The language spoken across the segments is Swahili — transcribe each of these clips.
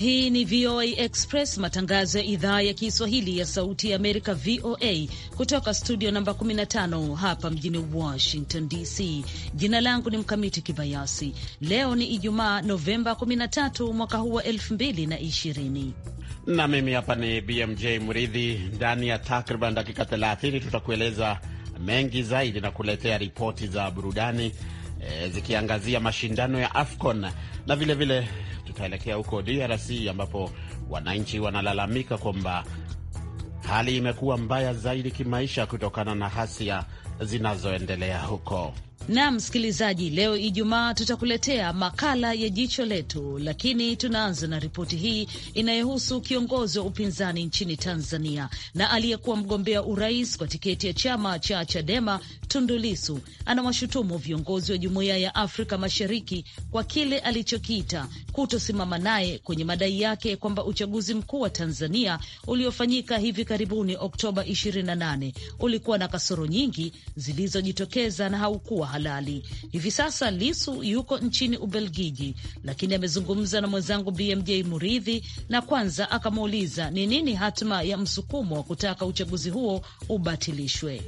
Hii ni VOA Express, matangazo ya idhaa ya Kiswahili ya Sauti ya Amerika, VOA, kutoka studio namba 15 hapa mjini Washington DC. Jina langu ni Mkamiti Kibayasi. Leo ni Ijumaa, Novemba 13 mwaka huu wa 2020 na mimi hapa ni BMJ Mridhi. Ndani ya takriban dakika 30 tutakueleza mengi zaidi na kuletea ripoti za burudani e, zikiangazia mashindano ya AFCON na vilevile vile, tutaelekea huko DRC ambapo wananchi wanalalamika kwamba hali imekuwa mbaya zaidi kimaisha kutokana na hasia zinazoendelea huko. Na msikilizaji, leo Ijumaa tutakuletea makala ya jicho letu, lakini tunaanza na ripoti hii inayohusu kiongozi wa upinzani nchini Tanzania na aliyekuwa mgombea urais kwa tiketi ya chama cha Chadema, Tundulisu anawashutumu viongozi wa jumuiya ya Afrika Mashariki kwa kile alichokiita kutosimama naye kwenye madai yake kwamba uchaguzi mkuu wa Tanzania uliofanyika hivi karibuni Oktoba 28 ulikuwa na kasoro nyingi zilizojitokeza na haukuwa halali. Hivi sasa Lisu yuko nchini Ubelgiji, lakini amezungumza na mwenzangu BMJ Muridhi na kwanza akamuuliza ni nini hatima ya msukumo wa kutaka uchaguzi huo ubatilishwe.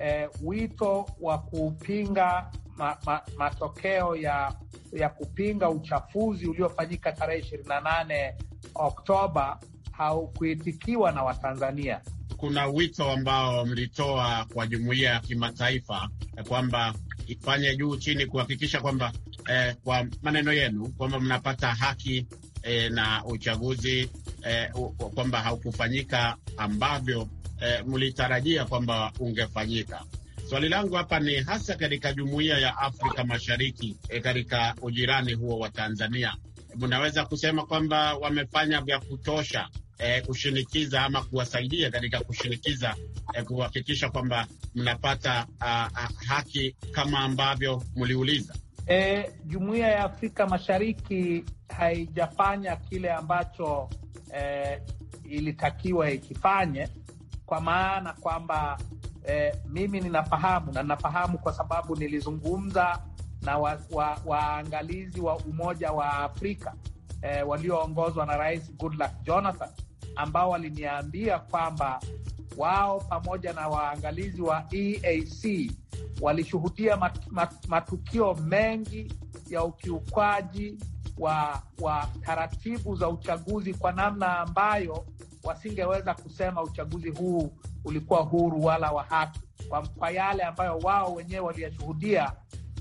Eh, wito wa kupinga ma, ma, matokeo ya ya kupinga uchafuzi uliofanyika tarehe ishirini na nane Oktoba haukuitikiwa na Watanzania. Kuna wito ambao mlitoa kwa jumuiya ya kimataifa kwamba ifanye juu chini kuhakikisha kwamba eh, kwa maneno yenu kwamba mnapata haki eh, na uchaguzi eh, kwamba haukufanyika ambavyo eh, mlitarajia kwamba ungefanyika. Swali langu hapa ni hasa katika jumuiya ya Afrika Mashariki, eh, katika ujirani huo wa Tanzania, mnaweza kusema kwamba wamefanya vya kutosha eh, kushinikiza ama kuwasaidia katika kushinikiza eh, kuhakikisha kwamba mnapata uh, haki kama ambavyo mliuliza. E, Jumuiya ya Afrika Mashariki haijafanya kile ambacho e, ilitakiwa ikifanye, kwa maana kwamba e, mimi ninafahamu na ninafahamu kwa sababu nilizungumza na waangalizi wa, wa, wa Umoja wa Afrika e, walioongozwa na Rais Goodluck Jonathan ambao waliniambia kwamba wao pamoja na waangalizi wa EAC walishuhudia mat, mat, matukio mengi ya ukiukwaji wa, wa taratibu za uchaguzi kwa namna ambayo wasingeweza kusema uchaguzi huu ulikuwa huru wala wa haki kwa, kwa yale ambayo wao wenyewe waliyashuhudia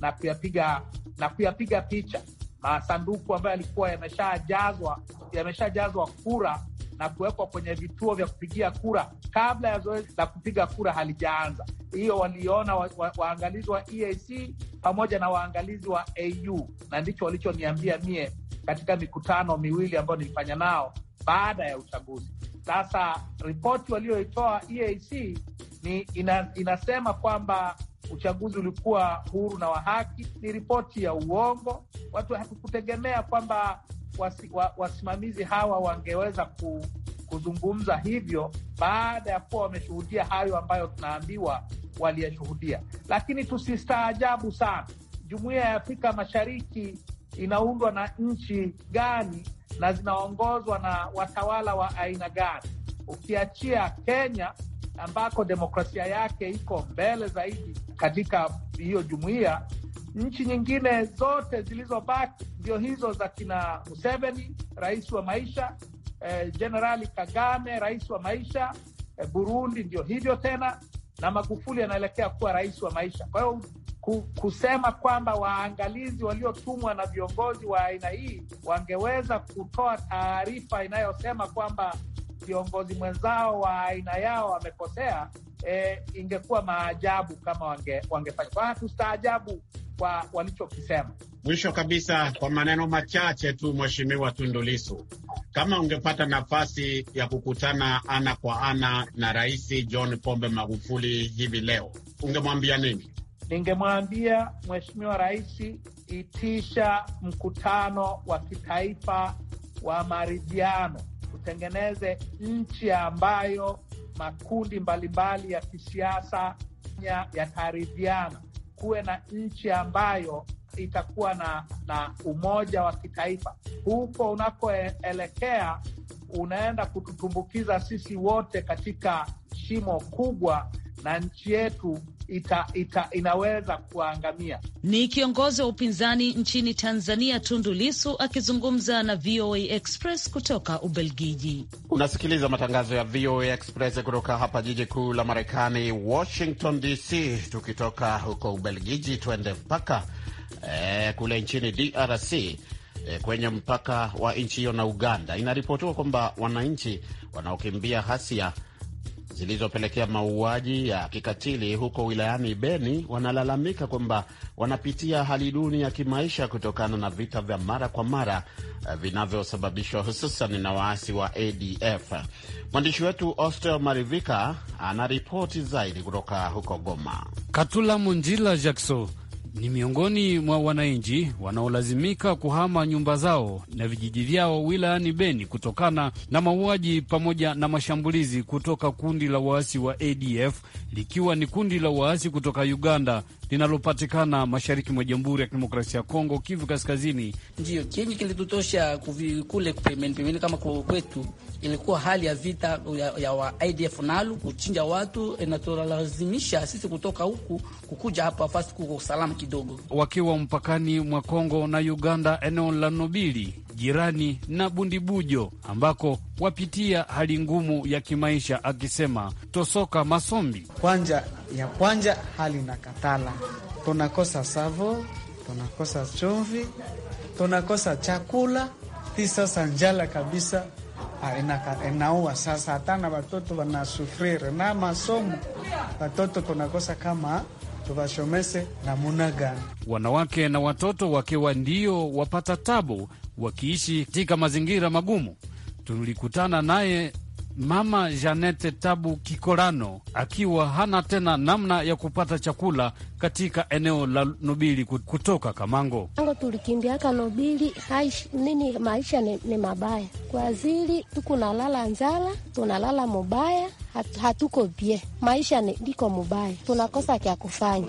na kuyapiga na kuyapiga picha. Masanduku ambayo yalikuwa yameshajazwa yameshajazwa kura na kuwekwa kwenye vituo vya kupigia kura kabla ya zoezi la kupiga kura halijaanza. Hiyo waliona wa, wa, waangalizi wa EAC pamoja na waangalizi wa AU, na ndicho walichoniambia mie katika mikutano miwili ambayo nilifanya nao baada ya uchaguzi. Sasa ripoti walioitoa EAC ni ina, inasema kwamba uchaguzi ulikuwa huru na wa haki. Ni ripoti ya uongo, watu hatukutegemea kwamba wasi, wa, wasimamizi hawa wangeweza ku, kuzungumza hivyo baada ya kuwa wameshuhudia hayo ambayo tunaambiwa waliyeshuhudia Lakini tusistaajabu sana. Jumuiya ya Afrika Mashariki inaundwa na nchi gani na zinaongozwa na watawala wa aina gani? Ukiachia Kenya ambako demokrasia yake iko mbele zaidi katika hiyo jumuiya, Nchi nyingine zote zilizobaki ndio hizo za kina Museveni, rais wa maisha, jenerali eh, Kagame, rais wa maisha eh, Burundi ndio hivyo tena, na Magufuli anaelekea kuwa rais wa maisha. Kwa hiyo kusema kwamba waangalizi waliotumwa na viongozi wa aina hii wangeweza kutoa taarifa inayosema kwamba viongozi mwenzao wa aina yao wamekosea, e, ingekuwa maajabu kama wange, wangefanya. Kwa hatustaajabu kwa walichokisema. Mwisho kabisa, kwa maneno machache tu, Mheshimiwa tundulisu kama ungepata nafasi ya kukutana ana kwa ana na Rais John Pombe Magufuli hivi leo, ungemwambia nini? Ningemwambia Mheshimiwa Rais, itisha mkutano wa kitaifa wa maridhiano, utengeneze nchi ambayo makundi mbalimbali ya kisiasa yataridhiana kuwe na nchi ambayo itakuwa na, na umoja wa kitaifa. Huko unakoelekea unaenda kututumbukiza sisi wote katika shimo kubwa, na nchi yetu ita, ita, inaweza kuangamia. Ni kiongozi wa upinzani nchini Tanzania Tundu Lisu akizungumza na VOA Express kutoka Ubelgiji. Unasikiliza matangazo ya VOA Express kutoka hapa jiji kuu la Marekani, Washington DC. Tukitoka huko Ubelgiji tuende mpaka eh, kule nchini DRC eh, kwenye mpaka wa nchi hiyo na Uganda. Inaripotiwa kwamba wananchi wanaokimbia hasia zilizopelekea mauaji ya kikatili huko wilayani Beni wanalalamika kwamba wanapitia hali duni ya kimaisha kutokana na vita vya mara kwa mara eh, vinavyosababishwa hususan na waasi wa ADF. Mwandishi wetu Ostel Marivika anaripoti zaidi kutoka huko Goma. Katula Munjila Jackson ni miongoni mwa wananchi wanaolazimika kuhama nyumba zao na vijiji vyao wilayani Beni kutokana na mauaji pamoja na mashambulizi kutoka kundi la waasi wa ADF likiwa ni kundi la waasi kutoka Uganda linalopatikana mashariki mwa Jamhuri ya Kidemokrasia ya Kongo, Kivu Kaskazini. Ndio chenye kilitutosha kule pembeni pembeni, kama kwetu ilikuwa hali ya vita ya, ya wa IDF nalu kuchinja watu, inatulazimisha eh, sisi kutoka huku kukuja hapa fasi kuko salama kidogo, wakiwa mpakani mwa Kongo na Uganda, eneo la Nobili jirani na Bundibujo ambako wapitia hali ngumu ya kimaisha, akisema Tosoka Masombi. Kwanja ya kwanja hali na katala, tunakosa savo, tunakosa chumvi, tunakosa chakula ti sasa njala kabisa inaua sasa, hatana watoto wanasufrire na masomo, watoto tunakosa kama tuvashomese namuna gani. Wanawake na watoto wakiwa ndio wapata tabu wakiishi katika mazingira magumu. Tulikutana naye Mama Janete Tabu Kikorano akiwa hana tena namna ya kupata chakula katika eneo la Nobili kutoka Kamango. Ango tulikimbiaka Nobili haish, nini maisha ni, ni mabaya kwa zili tukunalala njala tunalala mubaya hatuko bie maisha ni mubaya tunakosa kya kufanya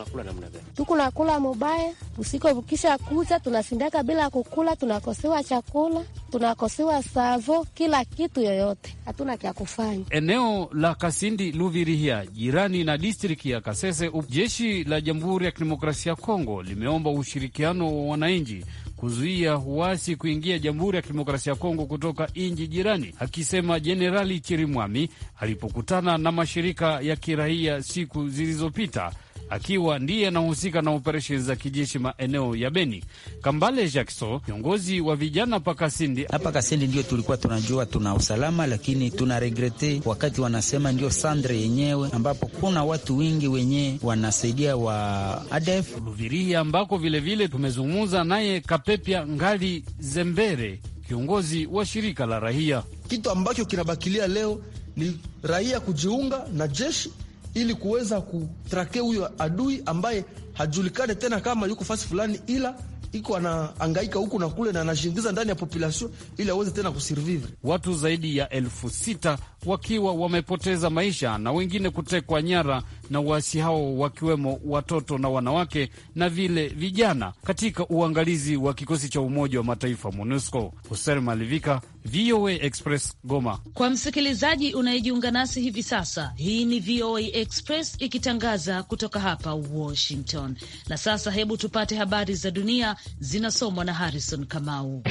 tukunakula mubaya usiko ukisha kucha tunasindaka bila kukula tunakosewa chakula tunakosewa savo kila kitu yoyote hatuna kya kufanya. Eneo la Kasindi Luvirihia jirani na distriki ya Kasese, jeshi la jambu Jamhuri ya Kidemokrasia ya Kongo limeomba ushirikiano wa wananchi kuzuia uasi kuingia Jamhuri ya Kidemokrasia ya Kongo kutoka nchi jirani, akisema Jenerali Chirimwami alipokutana na mashirika ya kiraia siku zilizopita akiwa ndiye anahusika na operesheni za kijeshi maeneo ya Beni. Kambale Jackson, kiongozi wa vijana Pakasindi. Hapa Kasindi ndio tulikuwa tunajua tuna usalama, lakini tuna regrete wakati wanasema ndio sandre yenyewe, ambapo kuna watu wengi wenyewe wanasaidia wa ADF Luviria, ambako vilevile tumezungumza naye Kapepya Ngali Zembere, kiongozi wa shirika la raia. Kitu ambacho kinabakilia leo ni raia kujiunga na jeshi ili kuweza kutrake huyo adui ambaye hajulikane tena kama yuko fasi fulani, ila iko anaangaika huku na kule na anashingiza ndani ya population ili aweze tena kusurvive. Watu zaidi ya elfu sita wakiwa wamepoteza maisha na wengine kutekwa nyara na waasi hao, wakiwemo watoto na wanawake na vile vijana, katika uangalizi wa kikosi cha Umoja wa Mataifa MONUSCO. Hoser Malivika, VOA Express Goma. Kwa msikilizaji unayejiunga nasi hivi sasa, hii ni VOA Express ikitangaza kutoka hapa Washington. Na sasa hebu tupate habari za dunia zinasomwa na Harrison Kamau.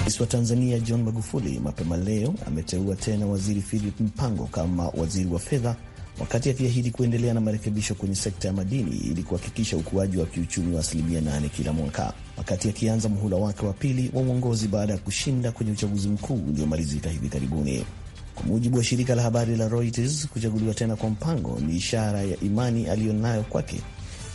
Rais wa Tanzania John Magufuli mapema leo ameteua tena Waziri Philip Mpango kama waziri wa fedha wakati akiahidi kuendelea na marekebisho kwenye sekta ya madini ili kuhakikisha ukuaji wa kiuchumi wa asilimia 8 kila mwaka, wakati akianza muhula wake wa pili wa uongozi baada ya kushinda kwenye uchaguzi mkuu uliomalizika hivi karibuni. Kwa mujibu wa shirika la habari la Reuters, kuchaguliwa tena kwa Mpango ni ishara ya imani aliyonayo kwake,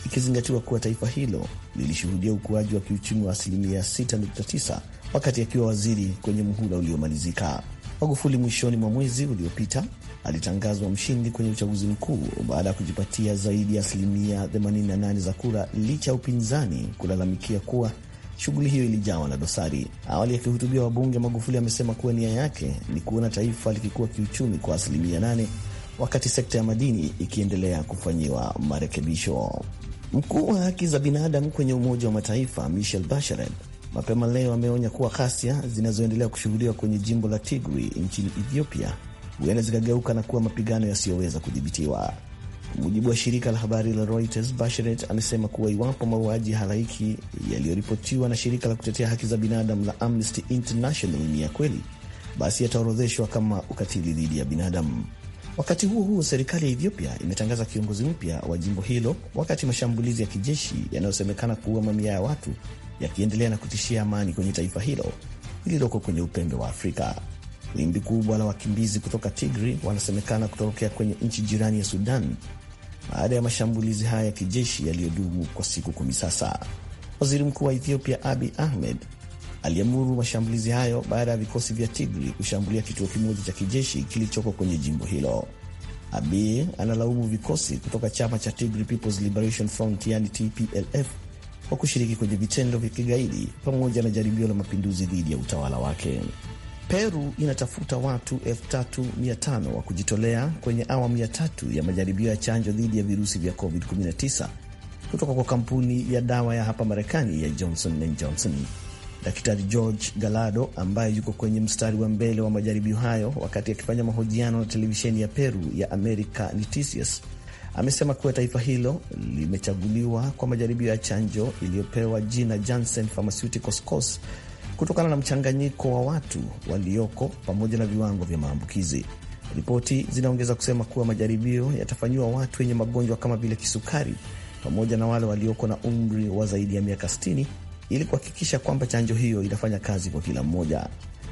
ikizingatiwa kuwa taifa hilo lilishuhudia ukuaji wa kiuchumi wa asilimia 6.9 wakati akiwa waziri kwenye muhula uliomalizika. Magufuli mwishoni mwa mwezi uliopita alitangazwa mshindi kwenye uchaguzi mkuu baada ya kujipatia zaidi ya asilimia 88 za kura licha ya upinzani kulalamikia kuwa shughuli hiyo ilijawa na dosari. Awali akihutubia wabunge, Magufuli amesema kuwa nia yake ni kuona taifa likikuwa kiuchumi kwa asilimia 8 wakati sekta ya madini ikiendelea kufanyiwa marekebisho. Mkuu wa haki za binadamu kwenye Umoja wa Mataifa michel Bachelet mapema leo ameonya kuwa ghasia zinazoendelea kushuhudiwa kwenye jimbo la tigri nchini Ethiopia huenda zikageuka na kuwa mapigano yasiyoweza kudhibitiwa. Kwa mujibu wa shirika la habari la Reuters, basheret amesema kuwa iwapo mauaji halaiki yaliyoripotiwa na shirika la kutetea haki za binadamu la Amnesty International ni ya kweli, basi yataorodheshwa kama ukatili dhidi ya binadamu. Wakati huo huo, serikali ya Ethiopia imetangaza kiongozi mpya wa jimbo hilo, wakati mashambulizi ya kijeshi yanayosemekana kuua mamia ya watu yakiendelea na kutishia amani kwenye taifa hilo lililoko kwenye upembe wa Afrika. Wimbi kubwa la wakimbizi kutoka Tigri wanasemekana kutorokea kwenye nchi jirani ya Sudan baada ya mashambulizi haya ya kijeshi yaliyodumu kwa siku kumi sasa. Waziri mkuu wa Ethiopia Abi Ahmed aliamuru mashambulizi hayo baada ya vikosi vya Tigri kushambulia kituo kimoja cha kijeshi kilichoko kwenye jimbo hilo. Abiy analaumu vikosi kutoka chama cha Tigri People's Liberation Front yani TPLF kwa kushiriki kwenye vitendo vya kigaidi pamoja na jaribio la mapinduzi dhidi ya utawala wake. Peru inatafuta watu 35 wa kujitolea kwenye awamu ya tatu ya majaribio ya chanjo dhidi ya virusi vya COVID-19 kutoka kwa kampuni ya dawa ya hapa Marekani ya Johnson and Johnson. Daktari George Galado ambaye yuko kwenye mstari wa mbele wa majaribio hayo, wakati akifanya mahojiano na televisheni ya Peru ya America Noticias, amesema kuwa taifa hilo limechaguliwa kwa majaribio ya chanjo iliyopewa jina Janssen Pharmaceuticals kutokana na mchanganyiko wa watu walioko pamoja na viwango vya maambukizi. Ripoti zinaongeza kusema kuwa majaribio yatafanyiwa watu wenye magonjwa kama vile kisukari pamoja na wale walioko na umri wa zaidi ya miaka 60 ili kuhakikisha kwamba chanjo hiyo inafanya kazi kwa kila mmoja.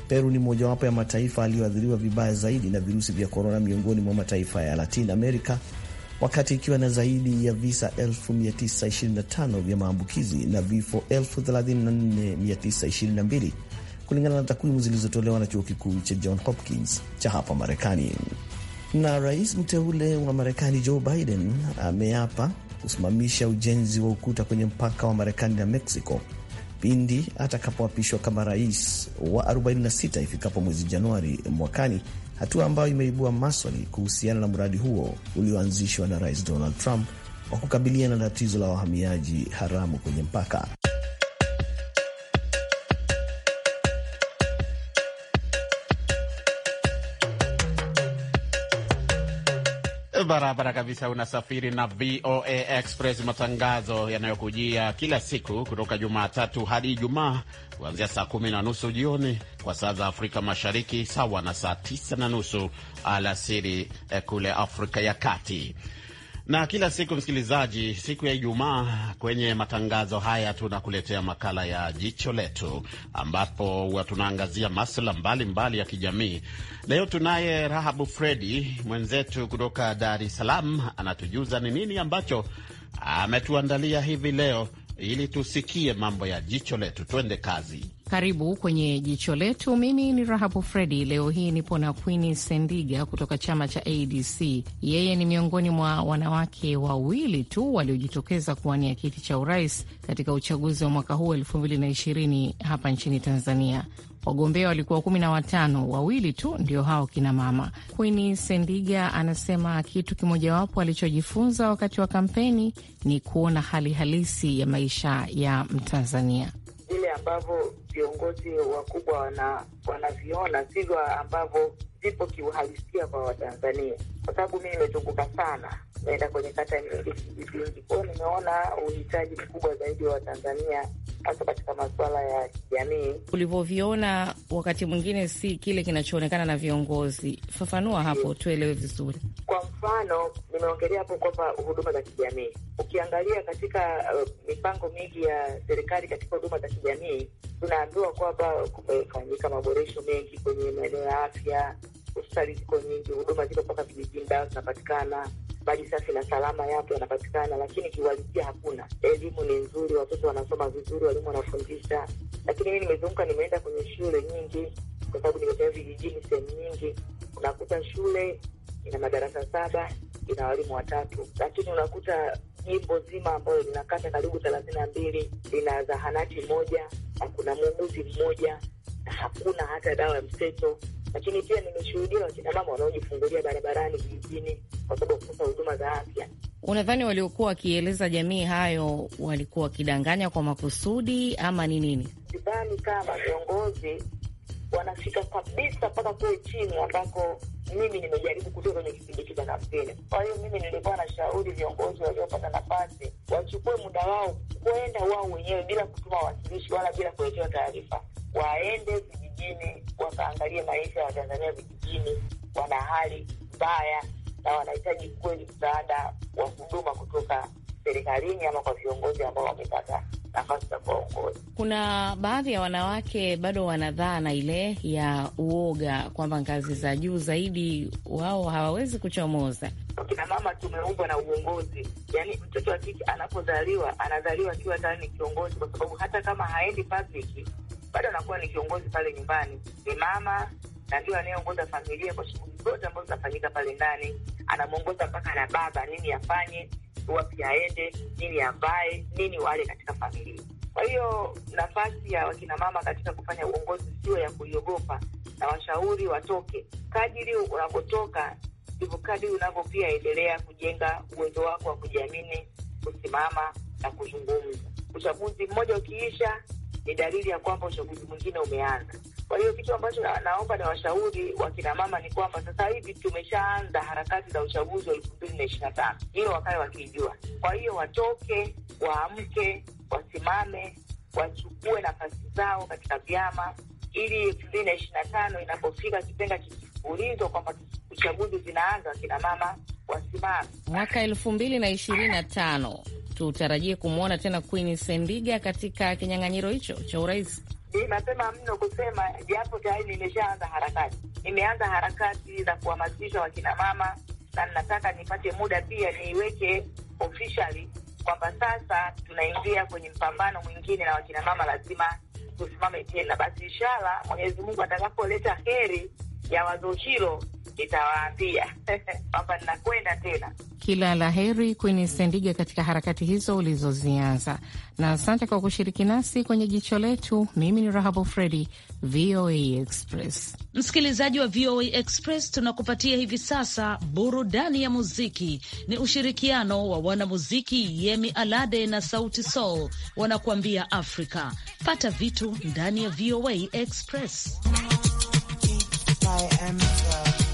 Peru ni mojawapo ya mataifa aliyoathiriwa vibaya zaidi na virusi vya korona miongoni mwa mataifa ya Latin America wakati ikiwa na zaidi ya visa 925 vya maambukizi na vifo 34922 kulingana na takwimu zilizotolewa na chuo kikuu cha John Hopkins cha hapa Marekani. Na rais mteule wa Marekani Joe Biden ameapa kusimamisha ujenzi wa ukuta kwenye mpaka wa Marekani na Mexico pindi atakapoapishwa kama rais wa 46 ifikapo mwezi Januari mwakani hatua ambayo imeibua maswali kuhusiana na mradi huo ulioanzishwa na Rais Donald Trump wa kukabiliana na tatizo la wahamiaji haramu kwenye mpaka. barabara kabisa. Unasafiri na VOA Express, matangazo yanayokujia kila siku kutoka Jumatatu hadi Ijumaa kuanzia saa kumi na nusu jioni kwa saa za Afrika Mashariki, sawa na saa tisa na nusu alasiri eh, kule Afrika ya Kati na kila siku msikilizaji, siku ya Ijumaa kwenye matangazo haya tunakuletea makala ya jicho letu, ambapo huwa tunaangazia masuala mbalimbali ya kijamii. Leo tunaye Rahabu Fredi mwenzetu kutoka Dar es Salaam, anatujuza ni nini ambacho ametuandalia hivi leo ili tusikie mambo ya jicho letu. Twende kazi. Karibu kwenye jicho letu. Mimi ni Rahabu Fredi. Leo hii nipo na Queen Sendiga kutoka chama cha ADC. Yeye ni miongoni mwa wanawake wawili tu waliojitokeza kuwania kiti cha urais katika uchaguzi wa mwaka huu elfu mbili na ishirini hapa nchini Tanzania. Wagombea walikuwa kumi na watano, wawili tu ndio hao kinamama. Queen Sendiga anasema kitu kimojawapo alichojifunza wakati wa kampeni ni kuona hali halisi ya maisha ya Mtanzania vile ambavyo viongozi wakubwa wanaviona wana sivyo ambavyo vipo kiuhalisia kwa Watanzania, kwa sababu mi imezunguka sana naenda kwenye kata kwao, nimeona uhitaji mkubwa zaidi wa Tanzania hasa katika masuala ya kijamii. Ulivyoviona wakati mwingine si kile kinachoonekana na viongozi, fafanua hapo tuelewe vizuri. Kwa mfano, nimeongelea hapo kwamba huduma za kijamii, ukiangalia katika uh, mipango mingi ya serikali katika huduma za kijamii, tunaambiwa kwamba kumefanyika maboresho mengi kwenye maeneo ya afya hospitali ziko nyingi, huduma ziko mpaka vijijini, dawa zinapatikana, maji safi na salama yapo yanapatikana, lakini kiuhalisia hakuna. Elimu ni nzuri, watoto wanasoma vizuri, walimu wanafundisha, lakini mi nimezunguka, nimeenda kwenye shule nyingi, kwa sababu nimetea vijijini sehemu nyingi, unakuta shule ina madarasa saba, ina walimu watatu, lakini unakuta jimbo zima ambayo lina kata karibu thelathini na mbili lina zahanati moja na kuna muuguzi mmoja na hakuna hata dawa ya mseto lakini pia nimeshuhudia wakinamama wanaojifungulia barabarani vijijini kwa sababu kukosa huduma za afya. Unadhani waliokuwa wakieleza jamii hayo walikuwa wakidanganya kwa makusudi ama ni nini? Sidhani kama viongozi wanafika kabisa mpaka kule chini ambako mimi nimejaribu kutoka kwenye kipindi cha kampeni. Kwa hiyo mimi nilikuwa na shauri viongozi waliopata nafasi wachukue muda wao kwenda wao wenyewe bila kutuma wawakilishi wala bila kuletewa taarifa, waende vijijini wakaangalie maisha ya Watanzania vijijini, wana hali mbaya na wanahitaji kweli msaada wa huduma kutoka serikalini ama kwa viongozi ambao wamepata nafasi za kuwaongoza. Kuna baadhi ya wanawake bado wanadhaa na ile ya uoga kwamba ngazi za juu zaidi wao hawawezi kuchomoza. Kina mama tumeumbwa na uongozi, yani mtoto wa kike anapozaliwa anazaliwa akiwa tayari ni kiongozi, kwa sababu hata kama haendi public bado anakuwa ni kiongozi pale nyumbani, ni mama na ndio anayeongoza familia kwa shughuli zote ambazo zinafanyika pale ndani anamwongoza mpaka na baba, nini afanye, wapi aende, nini ambaye nini wale katika familia. Kwa hiyo nafasi ya wakinamama katika kufanya uongozi sio ya kuiogopa, na washauri watoke kadiri unavyotoka ndivyo kadiri unavyo pia endelea kujenga uwezo wako wa kujiamini, kusimama na kuzungumza. Uchaguzi mmoja ukiisha, ni dalili ya kwamba uchaguzi mwingine umeanza. Kwa hiyo kitu ambacho na, naomba na washauri wakina mama ni kwamba sasa hivi tumeshaanza harakati za uchaguzi wa elfu mbili na ishirini na tano, hiyo wakawe wakiijua. Kwa hiyo watoke, waamke, wasimame, wachukue nafasi zao katika vyama ili elfu mbili na ishirini na tano inapofika, kipenga kikiulizwa kwamba uchaguzi zinaanza, wakina mama wasimame. Mwaka elfu mbili na ishirini na tano tutarajie kumwona tena Queen Sendiga katika kinyang'anyiro hicho cha urais? Ni mapema mno kusema, japo tayari nimeshaanza harakati. Nimeanza harakati za kuhamasisha wakinamama, na nataka nipate muda pia niiweke officially kwamba sasa tunaingia kwenye mpambano mwingine na wakinamama lazima tusimame tena. Basi inshallah Mwenyezi Mungu atakapoleta heri ya wazo hilo itawaambia kwamba ninakwenda tena. Kila la heri Queen Sendiga katika harakati hizo ulizozianza, na asante kwa kushiriki nasi kwenye jicho letu. Mimi ni Rahabu Fredi, VOA Express. Msikilizaji wa VOA Express, tunakupatia hivi sasa burudani ya muziki. Ni ushirikiano wa wanamuziki Yemi Alade na Sauti Sol, wanakuambia Afrika. Pata vitu ndani ya VOA Express. I enter. Um,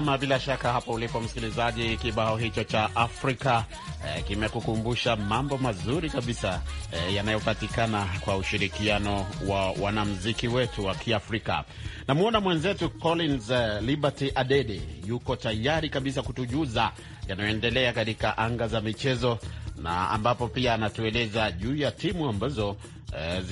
Naam, bila shaka hapo ulipo msikilizaji, kibao hicho cha Afrika eh, kimekukumbusha mambo mazuri kabisa eh, yanayopatikana kwa ushirikiano wa wanamziki wetu wa Kiafrika. Namwona mwenzetu Collins eh, Liberty Adede yuko tayari kabisa kutujuza yanayoendelea katika anga za michezo na ambapo pia anatueleza juu ya timu ambazo Eh,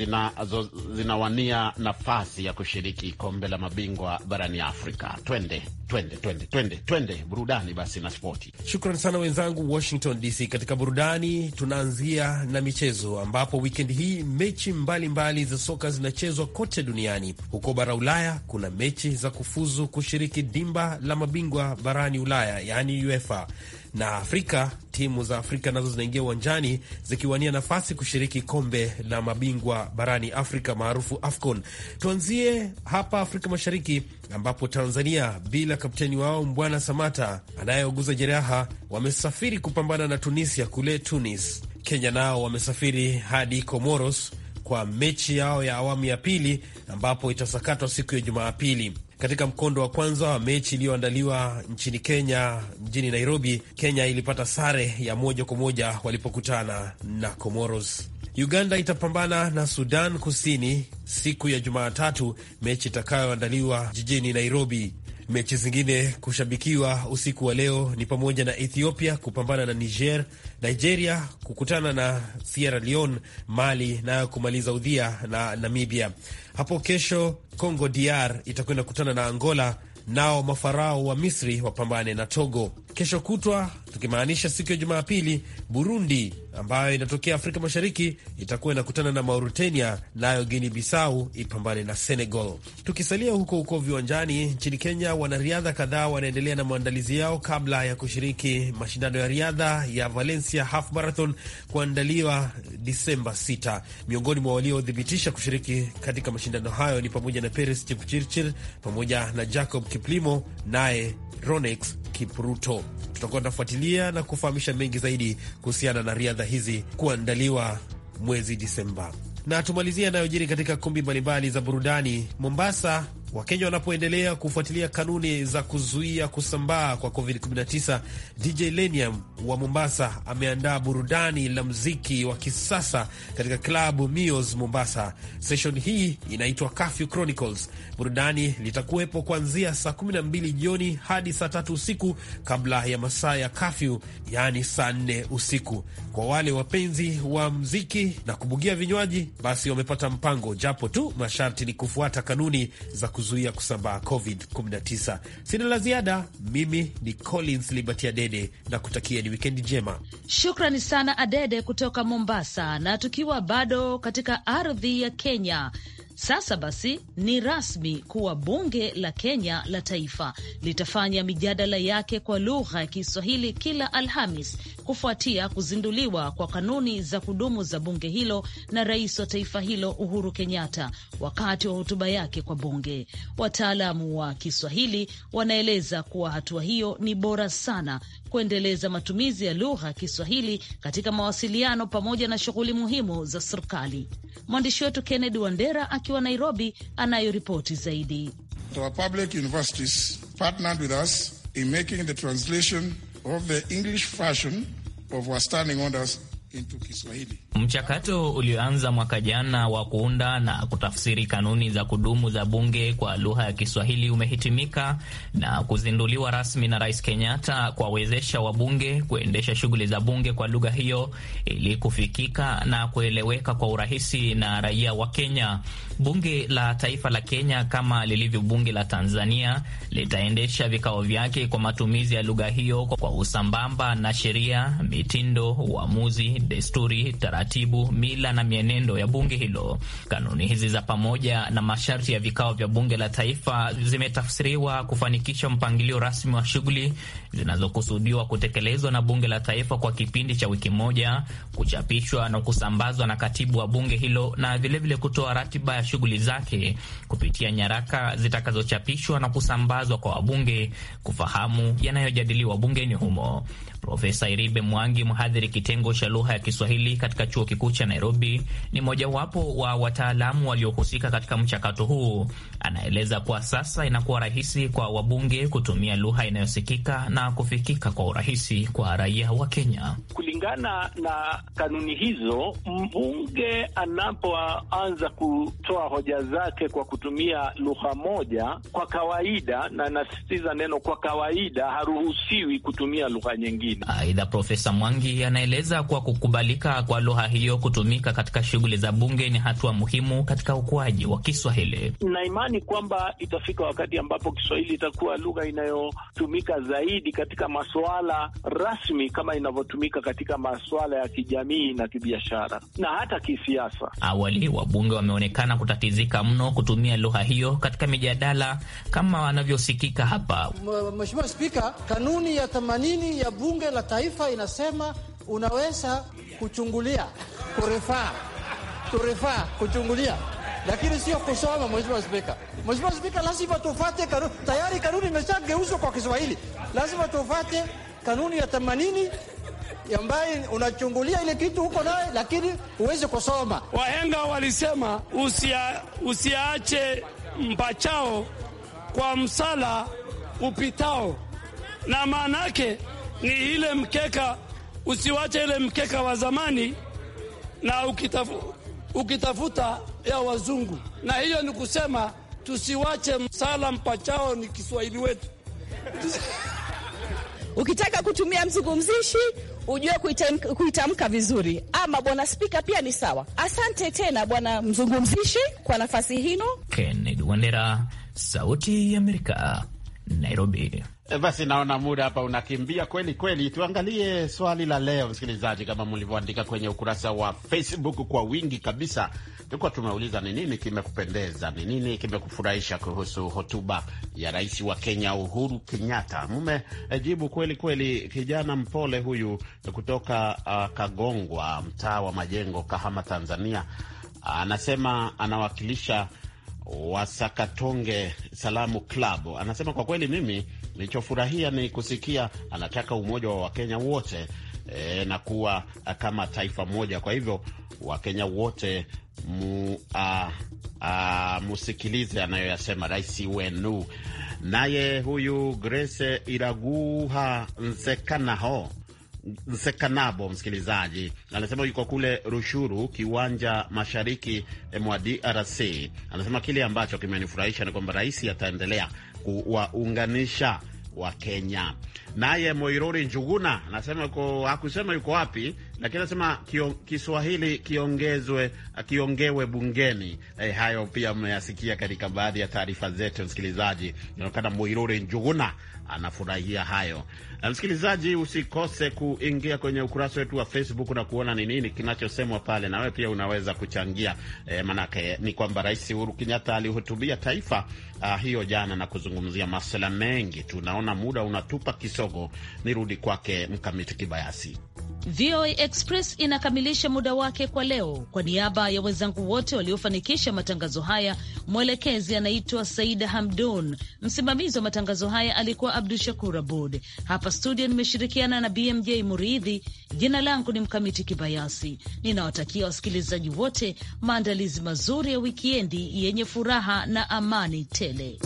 zinawania zina nafasi ya kushiriki kombe la mabingwa barani Afrika. Twende twende twende twende twende, burudani basi na spoti. Shukran sana wenzangu Washington DC. Katika burudani tunaanzia na michezo, ambapo wikendi hii mechi mbalimbali mbali za soka zinachezwa kote duniani. Huko bara Ulaya kuna mechi za kufuzu kushiriki dimba la mabingwa barani Ulaya, yaani UEFA na Afrika, timu za Afrika nazo zinaingia uwanjani zikiwania nafasi kushiriki kombe la mabingwa barani Afrika maarufu AFCON. Tuanzie hapa Afrika Mashariki ambapo Tanzania bila kapteni wao Mbwana Samata anayeuguza jeraha wamesafiri kupambana na Tunisia kule Tunis. Kenya nao wamesafiri hadi Comoros kwa mechi yao ya awamu ya pili ambapo itasakatwa siku ya Jumapili. Katika mkondo wa kwanza wa mechi iliyoandaliwa nchini Kenya, mjini Nairobi, Kenya ilipata sare ya moja kwa moja walipokutana na Comoros. Uganda itapambana na Sudan Kusini siku ya Jumatatu, mechi itakayoandaliwa jijini Nairobi. Mechi zingine kushabikiwa usiku wa leo ni pamoja na Ethiopia kupambana na Niger, Nigeria kukutana na Sierra Leone, Mali nayo kumaliza udhia na Namibia. Hapo kesho Congo DR itakwenda kukutana na Angola, nao mafarao wa Misri wapambane na Togo. Kesho kutwa, tukimaanisha siku ya Jumapili, Burundi ambayo inatokea Afrika Mashariki itakuwa inakutana na Mauritania, nayo Guinea Bissau ipambane na Senegal. Tukisalia huko huko viwanjani, nchini Kenya, wanariadha kadhaa wanaendelea na maandalizi yao kabla ya kushiriki mashindano ya riadha ya Valencia Half Marathon kuandaliwa Disemba 6. Miongoni mwa waliothibitisha kushiriki katika mashindano hayo ni pamoja na Peres Chepchirchir pamoja na Jacob Kiplimo naye Ronex Kipruto. Tutakuwa tunafuatilia na kufahamisha mengi zaidi kuhusiana na riadha hizi kuandaliwa mwezi Disemba na tumalizia yanayojiri katika kumbi mbalimbali za burudani. Mombasa Wakenya wanapoendelea kufuatilia kanuni za kuzuia kusambaa kwa COVID-19, DJ Lenium wa Mombasa ameandaa burudani la mziki wa kisasa katika klabu Mios Mombasa. Seshon hii inaitwa Curfew Chronicles. Burudani litakuwepo kuanzia saa 12 jioni hadi saa tatu usiku kabla ya masaa ya kafyu, yaani saa nne usiku. Kwa wale wapenzi wa mziki na kubugia vinywaji, basi wamepata mpango, japo tu masharti ni kufuata kanuni za kuzuia kuzuia kusambaa COVID-19. Sina la ziada, mimi ni Collins Liberty Adede na kutakia ni wikendi njema. Shukrani sana Adede kutoka Mombasa. Na tukiwa bado katika ardhi ya Kenya sasa basi ni rasmi kuwa bunge la Kenya la taifa litafanya mijadala yake kwa lugha ya Kiswahili kila Alhamis kufuatia kuzinduliwa kwa kanuni za kudumu za bunge hilo na rais wa taifa hilo Uhuru Kenyatta wakati wa hotuba yake kwa bunge. Wataalamu wa Kiswahili wanaeleza kuwa hatua hiyo ni bora sana kuendeleza matumizi ya lugha ya Kiswahili katika mawasiliano pamoja na shughuli muhimu za serikali. Mwandishi wetu Kennedy Wandera akiwa Nairobi anayoripoti zaidi. Our public universities partnered with us in making the translation of the English version of our standing orders Mchakato ulioanza mwaka jana wa kuunda na kutafsiri kanuni za kudumu za bunge kwa lugha ya Kiswahili umehitimika na kuzinduliwa rasmi na Rais Kenyatta kuwawezesha wabunge kuendesha shughuli za bunge kwa lugha hiyo ili kufikika na kueleweka kwa urahisi na raia wa Kenya. Bunge la Taifa la Kenya kama lilivyo bunge la Tanzania litaendesha vikao vyake kwa matumizi ya lugha hiyo kwa usambamba na sheria, mitindo, uamuzi desturi, taratibu, mila na mienendo ya bunge hilo. Kanuni hizi za pamoja na masharti ya vikao vya bunge la taifa zimetafsiriwa kufanikisha mpangilio rasmi wa shughuli zinazokusudiwa kutekelezwa na bunge la taifa kwa kipindi cha wiki moja, kuchapishwa na kusambazwa na katibu wa bunge hilo, na vilevile kutoa ratiba ya shughuli zake kupitia nyaraka zitakazochapishwa na kusambazwa kwa wabunge kufahamu yanayojadiliwa bungeni humo. Profesa Iribe Mwangi, mhadhiri kitengo cha lugha ya Kiswahili katika chuo kikuu cha Nairobi ni mojawapo wa wataalamu waliohusika katika mchakato huu. Anaeleza kuwa sasa inakuwa rahisi kwa wabunge kutumia lugha inayosikika na kufikika kwa urahisi kwa raia wa Kenya. Kulingana na kanuni hizo, mbunge anapoanza kutoa hoja zake kwa kutumia lugha moja, kwa kawaida, na nasisitiza neno kwa kawaida, haruhusiwi kutumia lugha nyingine. Aidha, Profesa Mwangi anaeleza kuwa kukubalika kwa lugha hiyo kutumika katika shughuli za bunge ni hatua muhimu katika ukuaji wa Kiswahili. Na imani kwamba itafika wakati ambapo Kiswahili itakuwa lugha inayotumika zaidi katika masuala rasmi kama inavyotumika katika masuala ya kijamii na kibiashara na hata kisiasa. Awali wabunge wameonekana kutatizika mno kutumia lugha hiyo katika mijadala kama wanavyosikika hapa. Mheshimiwa Spika, kanuni ya themanini ya bunge la taifa inasema unaweza kuchungulia, kurefaa, kurefaa, kuchungulia lakini sio kusoma. Mheshimiwa Spika, Mheshimiwa Spika, lazima tufate kanuni. Tayari kanuni imeshageuzwa kwa Kiswahili, lazima tufate kanuni ya themanini ambaye unachungulia ile kitu huko naye, lakini huwezi kusoma. Wahenga walisema usia, usiache mpachao kwa msala upitao, na maana yake ni ile mkeka usiwache ile mkeka wa zamani na ukitafu, ukitafuta ya wazungu. Na hiyo ni kusema tusiwache msala mpachao, ni Kiswahili wetu ukitaka kutumia mzungumzishi ujue kuitamka vizuri. Ama bwana spika pia ni sawa. Asante tena bwana mzungumzishi kwa nafasi hino. Kennedy Wandera, Sauti ya Amerika, Nairobi. E, basi naona muda hapa unakimbia kweli kweli. Tuangalie swali la leo, msikilizaji, kama mlivyoandika kwenye ukurasa wa Facebook kwa wingi kabisa. Tulikuwa tumeuliza ni nini kimekupendeza, ni nini kimekufurahisha kuhusu hotuba ya rais wa Kenya Uhuru Kenyatta. Mmejibu eh, kweli kweli. Kijana mpole huyu kutoka uh, Kagongwa, mtaa wa Majengo, Kahama, Tanzania, anasema uh, anawakilisha Wasakatonge Salamu Club. Anasema kwa kweli mimi Nilichofurahia ni kusikia anataka umoja wa Wakenya wote e, na kuwa kama taifa moja. Kwa hivyo Wakenya wote mu, a, a, musikilize anayoyasema rais wenu. Naye huyu Grace Iraguha Nsekanaho msekanabo msikilizaji, anasema yuko kule Rushuru, kiwanja mashariki eh, mwa DRC. Anasema kile ambacho kimenifurahisha ni kwamba rais ataendelea kuwaunganisha wa Kenya. Naye Moirori Njuguna anasema yuko, hakusema yuko wapi, lakini anasema Kiswahili kiongezwe kiongewe bungeni. Eh, hayo pia mmeyasikia katika baadhi ya taarifa zetu, msikilizaji. Inaonekana Moirori Njuguna anafurahia hayo. Eh, msikilizaji, usikose kuingia kwenye ukurasa wetu wa Facebook na kuona ni nini kinachosemwa pale, na wewe pia unaweza kuchangia e, manake ni kwamba Rais Uhuru Kenyatta alihutubia taifa ah, hiyo jana na kuzungumzia masuala mengi. Tunaona muda unatupa kisogo, nirudi kwake Mkamiti Kibayasi. VOA Express inakamilisha muda wake kwa leo. Kwa niaba ya wenzangu wote waliofanikisha matangazo haya, mwelekezi anaitwa Saida Hamdun, msimamizi wa matangazo haya alikuwa Abdu Shakur Abud. Hapa studio nimeshirikiana na BMJ Muridhi. Jina langu ni Mkamiti Kibayasi, ninawatakia wasikilizaji wote maandalizi mazuri ya wikiendi yenye furaha na amani tele.